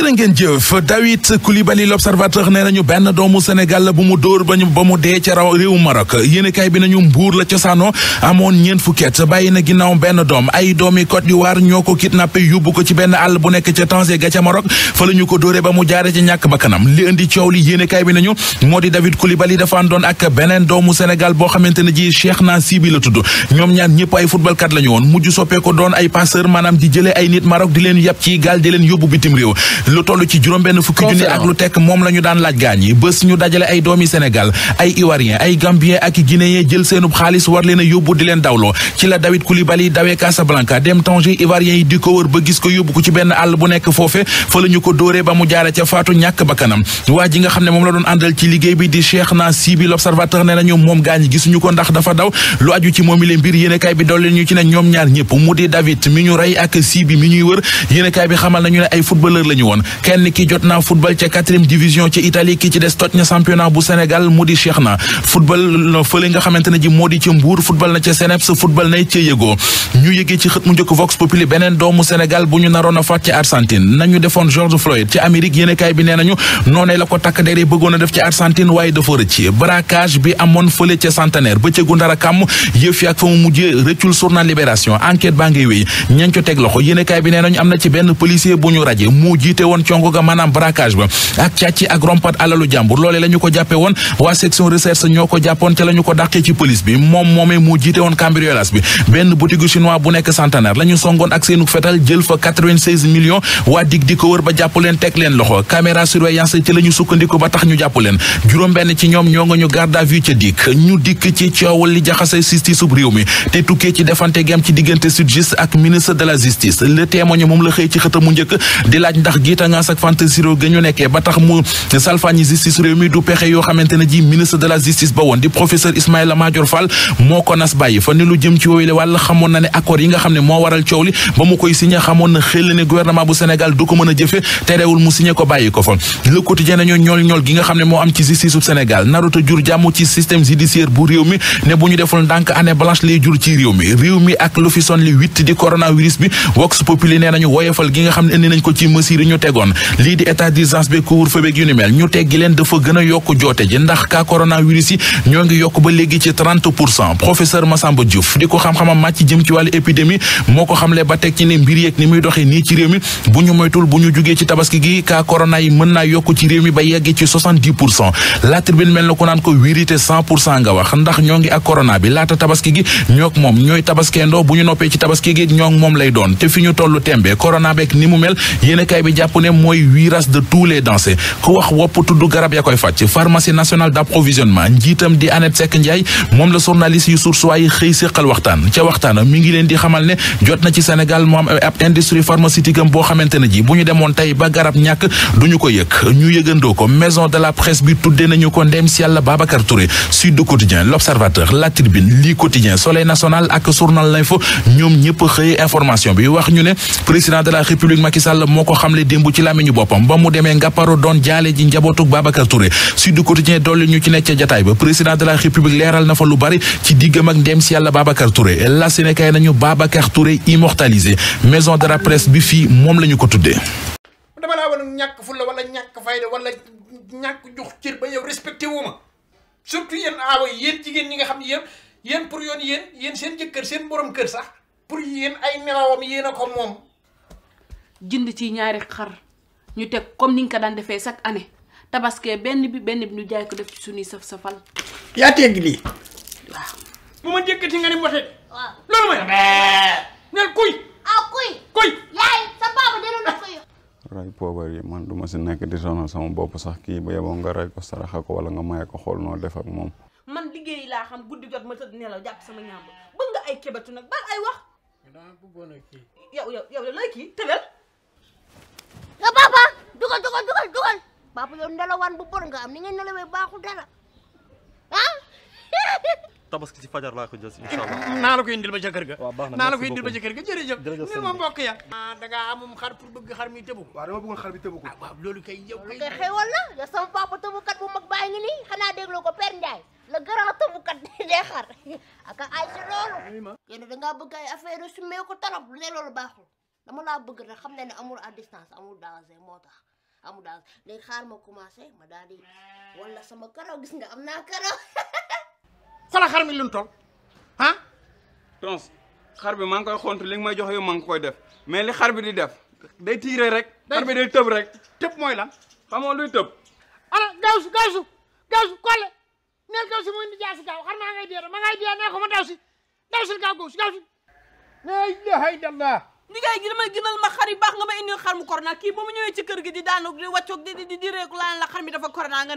jërë ngeen jëf Dawid Coulibaly l'observateur nee nañu benn doomu Sénégal la bu mu door ba ñu ba mu dee ca raw réewu Maroc yéenekaay bi nañu mbuur la cosaanoo amoon ñeent fukket bàyyi na ginnaaw benn doom ay doomi Côte d'Ivoire ñoo ko kidnappé yóbbu ko ci benn àll bu nekk ca Tanger ga ca Maroc fa la ñu ko dóore ba mu jaare ci ñàkk bakkanam li indi coow li yéenekaay bi nañu moo di Dawid Coulibaly dafa àndoon ak beneen doomu Sénégal boo xamante ne ji Cheikh na Sibi la tudd ñoom ñaar ñëpp ay footballkat la ñu woon mujj soppee doon ay passeur maanaam di jëlee ay nit Maroc di leen yàpp ci gaal di leen yóbbu bitim réew lu toll ci juróom-benn fukki junni ak lu tekk moom la ñu daan laaj gaañ yi bés ñu dajale ay doomi Sénégal ay Ivoirien ay Gambien ak Guinéen jël seenub xaalis war leen yóbbu di leen dawloo ci la Dawit Coulibaly dawee Casablanca dem Tanger Ivoirien yi di ko wër ba gis ko yóbbu ko ci benn àll bu nekk foofe fa la ko dóoree ba mu jaare ca faatu ñàkk bakkanam waa ji nga xam ne moom la doon àndal ci liggéey bi di Cheikh na Sibi l'Observateur ne gisuñu ko ndax dafa daw lu aju ci moomi leen bi dolli ñu ci ne ñëpp mu di Dawit mi ñu rey ak Sibi mi ñuy wër yéenekaay bi xamal nañu woon yoon kenn ki jot naa football ca quatrième division ci Italie ki ci des toj na championnat bu Sénégal mu di Cheikh na football fële nga xamante ne ji moo ca Mbour football na ca Seneps football na ca Yego ñu yëgee ci xët mu njëkk Vox Populi beneen doomu Sénégal bu ñu naroon a faat ci Argentine nañu defoon George Floyd ci Amérique yéenekaay bi nee nañu noonee la ko takk der yi def ci Argentine waaye dafa rëcc braquage bi amoon fële ca Centenaire bëccëgu jiite woon congo ga maanaam braquage ba ak càcc ak rompat alalu jàmbur loolee la ñu ko jàppe woon waa section recherche ñoo ko jàppoon ca la ko dàqee ci police bi moom moomee mu jiite woon cambriolage bi benn boutique chinois bu nekk centenaire la songoon ak seenu fetal jël fa millions waa dig di ko wër ba jàpp leen teg leen loxo caméra surveillance ci la sukkandiku ba tax ñu jàpp leen juróom benn ci ñoom ñoo nga ñu garde à vue ca dikk ñu dikk ci coowal li gi tangaas ak fanta zéro ga ñu nekkee ba tax mu salfaañi justice réew mi du pexe yoo xamante ne ji ministre de la justice ba woon di professeur Ismaïla Madior Fall moo ko nas bàyyi fa ni lu jëm ci woowule wàll xamoon na ne accord yi nga xam ne moo waral coow li ba mu koy signé xamoon na xel ne gouvernement bu Sénégal du ko mën a jëfe terewul mu signé ko bàyyi ko fa le quotidien nañu ñool ñool gi nga xam ne moo am ci justice bu Sénégal naruta jur jàmm tegoon lii di état d'urgence bi couvre-feu beeg yu ni mel ñu teggi leen dafa gën a yokk joote ji ndax cas coronavirus yi ñoo ngi yokk ba léegi ci 30 pour cent professeur Massamba Diouf di ko xam-xamam màcc jëm ci wàllu épidémie moo ko xamle ba teg ci ne mbir yeeg ni muy doxee nii ci réew mi bu ñu moytul bu ñu jugee ci tabaski gi cas corona yi mën naa yokk ci réew mi ba yegg ci 70 pour cent la tribune mel na ko naan ko vérité 100 pour cent nga wax ndax ñoo ngi ak corona bi laata bu ñu noppee ci tabaski gi ñoog moom lay doon te fi ñu tollu jàpp ne mooy virus de tous les dansers ku wax wopp tudd garab ya koy fàcc pharmacie nationale d'approvisionnement njiitam di Annette Seck Ndiaye moom la journaliste yu source xëy séqal waxtaan ca waxtaan mi ngi leen di xamal ne jot na ci Sénégal ab industrie pharmaceutique am boo xamante ne ji bu ñu demoon tey ba garab ñàkk du ko yëg ñu yëgandoo ko maison de la presse bi tuddee nañu ko ndem si yàlla Babacar Sud Quotidien L'Observateur La Tribune démb ci làmmiñu boppam ba mu demee Ngaparou doon jaale ji njabootuk Babacar Touré Sud Quotidien dolli ñu ci nekk ca jataay ba président de la République leeral na fa lu bari ci diggam ak ndem si yàlla Babacar Touré la Sénégal nañu Babacar Touré immortalisé maison de la presse bi fii moom la ko tuddee dama laa war ñàkk fulla wala ñàkk fayda wala ñàkk jox cër ba yow respecté wu ma surtout yéen aawa yéen jigéen ñi nga xam ne yéen yéen pour yoon yéen a jind ci ñaari xar ñu teg comme ni nga ko daan defee chaque année tabaske benn bi benn bi nu jaay ko def ci suñuy saf-safal. yaa tegg lii. waaw. bu ma jëkkati nga ni waxee. waaw loolu mooy. neel kuy. ah kuy. kuy. yaay sa papa delloo na kuy. ray poobar yi man du si nekk di sonal sama bopp sax kii ba yeboo nga ray ko saraxa ko wala nga maye ko xool noo def ak moom. man liggéey laa xam guddi jot ma tëdd nelaw jàpp sama ñaam bëgg nga ay kebatu nag ba ay wax. yow yow yow lay dugal dugal dugal dugal papa yow nelawaan bu bon nga am ni nga nelawee baaxul dara ah. tabaski ci fajar laa ko jël incha naa la ko indil ba ca kër ga. waaw baax na naa la ko ba ca kër ga jërëjëf. jërëjëf bi ma mbokk bëgg xar mi tëbu. waaw dama bëggoon xar mi tëbu ko. ah waaw loolu sama papa tëbukat bu mag baa ngi nii xanaa déglu ko Père la grand tëbukat day xar ak ay ci loolu. yéen da ngaa bëgg ay affaire yu sumee ko trop lu ne loolu baaxul dama laa bëgg rek xam ne ne amul à distance amul danger moo tax amul daal léegi xaar ma commencé ma daal di sama karaw gis nga am naa karaw. xoolal xar mi lu mu toll ah. bi maa ngi koy xont li may jox yow maa ngi koy def mais li xar bi di def day tiire rek. xar bi day tëb rek. tëb mooy lan xamoo luy tëb. ala gawsu gawsu gawsu kolle neel gawsu mu indi jaasi gaaw xar maa ngay dee ma ngay dee nee ko ma daw si daw si gaaw gawsu gawsu. la li ngay gi dama gënal ma xar baax nga ma indil xar mu corona kii ba mu ñëwee ci kër gi di daanu di wàccoog di di di reeku laan la xar mi dafa corona nga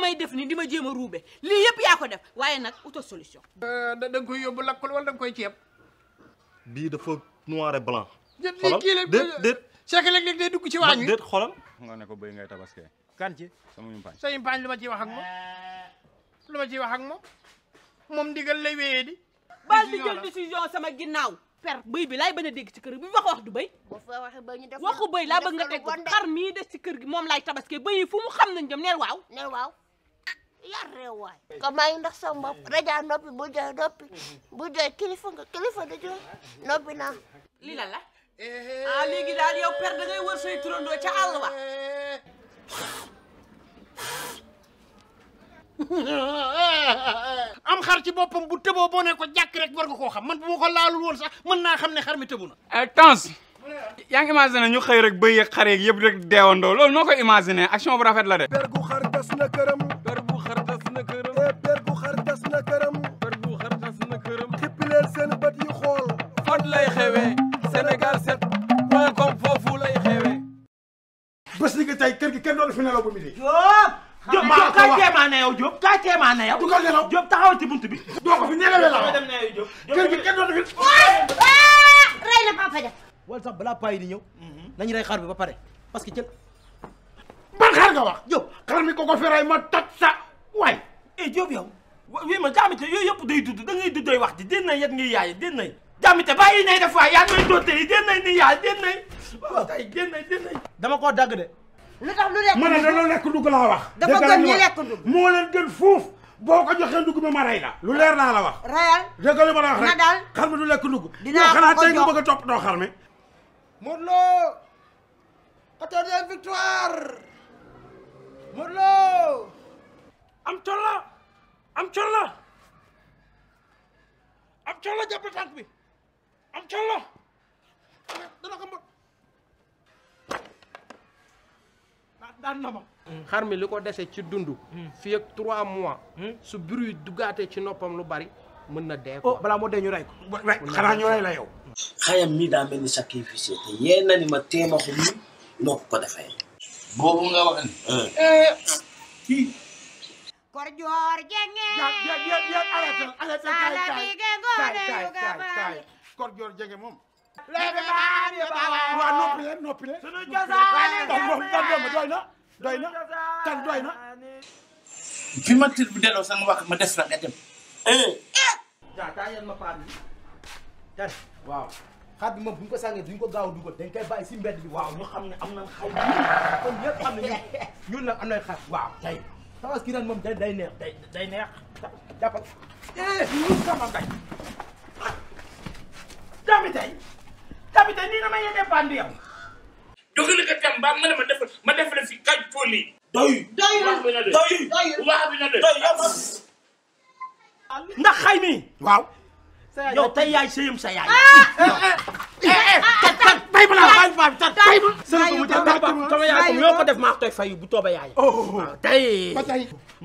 may def ni di ma jéema a ruube lii yëpp yaa ko def waaye nag auto solution euh, da koy yóbbu lakkul wala da koy ceeb bii dafa noir et blanc xoolal déet déet c'est que léeg-léeg day dugg ci waañ wi déet xoolal nga ne ko bëy ngay tabaskee kan ci sama yumpaañ sa lu ma ciy wax ak moom lu ma ciy wax ak moom moom ndigal lay wéyee di baal di jël décision sama ginnaaw per bay bi laay bañ a dégg ci kër gi bu ñu wax wax du bëy waxu bay laa bëgg nga teg xar mii des ci kër gi moom laay tabaske bay yi fu mu xam nañ jëm neel waaw neel waaw yar réew waay ko maa ngi ndax sa bopp rajaa noppi bu jooy noppi bu jooy kilifa nga kilifa da jooy noppi naa lii lan la ah léegi daal yow per da ngay wër say ca àll wa am xar ci boppam bu tëboo boo ne ko jàkk rek war nga koo xam man bu ma ko laalul sax man naa xam ne xar mi tëbu na. Eh, Tange yaa ngi imaginer ñu xëy rek bëy yeeg xar yeeg yëpp rek deewandoo loolu noo koy imaginer action bu rafet la de. per gu xar tas na këram. per gu xar tas eh, na këram. per gu xar tas na këram. per gu xar tas bët yi xool. fan lay xewee Sénégal 7 point com foofu lay xewee. bés ni nga tey kër bu midi. Diop maa ko wax maa na yow Diop kaay tee maa na yow. dugal nelaw Diop taxawal ci buntu bi. doo ko fi ñeewee la dem na yow Diop. kër gi kenn dootu fi. rey na papa ja. wala sax balaa paa yi di ñëw. Mhm. nañu rey xar bi ba pare parce que jël. ban xar nga wax. Diop xar mi ko ko fi rey ma toj sa waay. eh Diop yow. wa wii ma jaamite yooyu yëpp day dudd da ngay duddee wax ji den na yet ngi yaay den nañ. jaamite bàyyi nay def waay yaa ngi may dootee den nañ ni yaay den nañ. waaw kay den nañ den nañ. dama koo dagg de. lu tax lu lekk dugub ma ne la lu lekk dugub laa wax. lekk dugub moo leen gën fuuf. boo ko joxee dugub bi ma rey lu leer laa la wax. reyal dégg nga li ma la wax rek na daal du lekk dugub. dinaa ko ko jox xanaa tey nga bëgg a toppatoo xar am col la am col la am col daan na ma. xar mi li ko desee ci dund. Hmm. fii ak trois mois. Hmm. su bruit duggaatee ci noppam lu bari mën na dee ko. oh balaa moo dee ñu rey ko. xanaa ñu rey la daa mel ni sacrifice ma téema ko nii eh. kor joor jenge. kor joor jenge moom. waaw noppi leen noppi leen doy na doy na tan doy na fi ma tir bi delloo sama wax ma des la nga dem eh. ja taa yeen ma paan bi tan waaw xaat bi moom bu ñu ko sàngee duñu ko gaaw dugal dañ koy bàyyi si mbedd bi waaw ñu xam ne am na xaw kon ñëpp xam ne ñun ñun nag am nay xaat waaw tey tabaski ren moom day day neex day day neex jàppal eh, ñu sama bay ah. jàmmi tey bi tey nii damay yéegee bandi yow. doxali ko tam ba ma ne ma def ma def la fi kaj tooli. doyul doyul doyul doyul wax bi na de ndax xay mi. waaw. yow tey yaay sëyam sa yaay. bay ma laa bay ma tar bay ma. sama yaay ñoo ko def maa koy fay bu tooba yaay. waaw tey.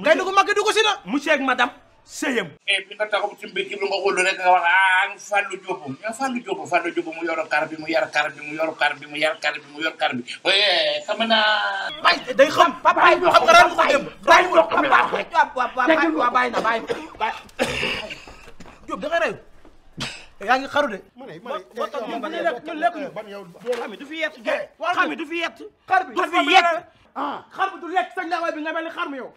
tey du ko mag du ko si na. monsieur ak madame. sëyam eh, bi nga taxaw ci mbir bi nga xullu rek nga wax ah Fallou Diop ñoo Fallou Diop Fallou Diop mu yor kar bi mu yar kar bi mu yor kar bi mu yar kar bi mu yor kar bi waaye xam naa bay day xam papa xam nga ran ko dem bàyyi ko xam baax rek waaw bàyyi na bàyyi Diop da nga rew yaa ngi xaru de ma ne ma ne eh, eh, lekk du fi yett xam du fi yett xar bi du fi yett ah. xar bi du lekk sañ la way bi nga mel ni xar mi yow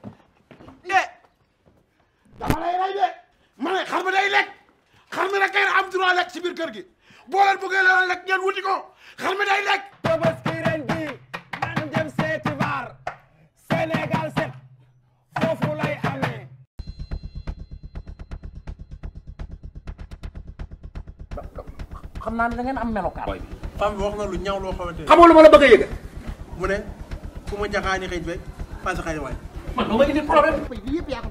dama lay rey de ma ne xar mi day lekk xar mi rek kay am droit lekk ci biir kër gi boo leen bëggee lekk ngeen wuti ko xar mi day lekk. tabaski ren gi man dem seeti vaar Sénégal set foofu lay amee. xam naa ne da ngeen am melokaan. femme bi wax na lu ñaaw loo xamante xamoo lu ma la bëgg a mu ne fu ma jaxaani xëy be paase xëy waay. man loo ma indi problème. yëpp yaa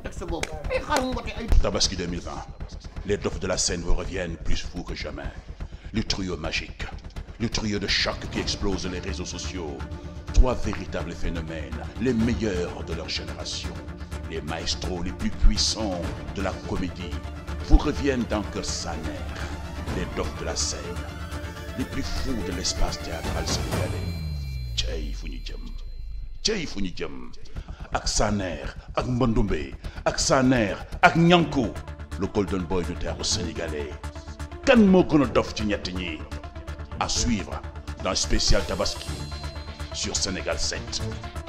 les dofs de la scène vous reviennent plus fous que jamais le trio magique le trio de choc qui explose les réseaux sociaux trois véritables phénomènes les meilleurs de leur génération les maestros les plus puissants de la comédie vous reviennent dans Keur Saner les dofs de la scène les plus fous de l'espace théâtral sénégalais cey fu ñu jëm cey fu ak Saner ak Mbandumbe ak Saner ak Ñanku le golden boy du théâtre sénégalais kan moo gën a dof ci ñett ñi à suivre dans spécial Tabaski sur Sénégal 7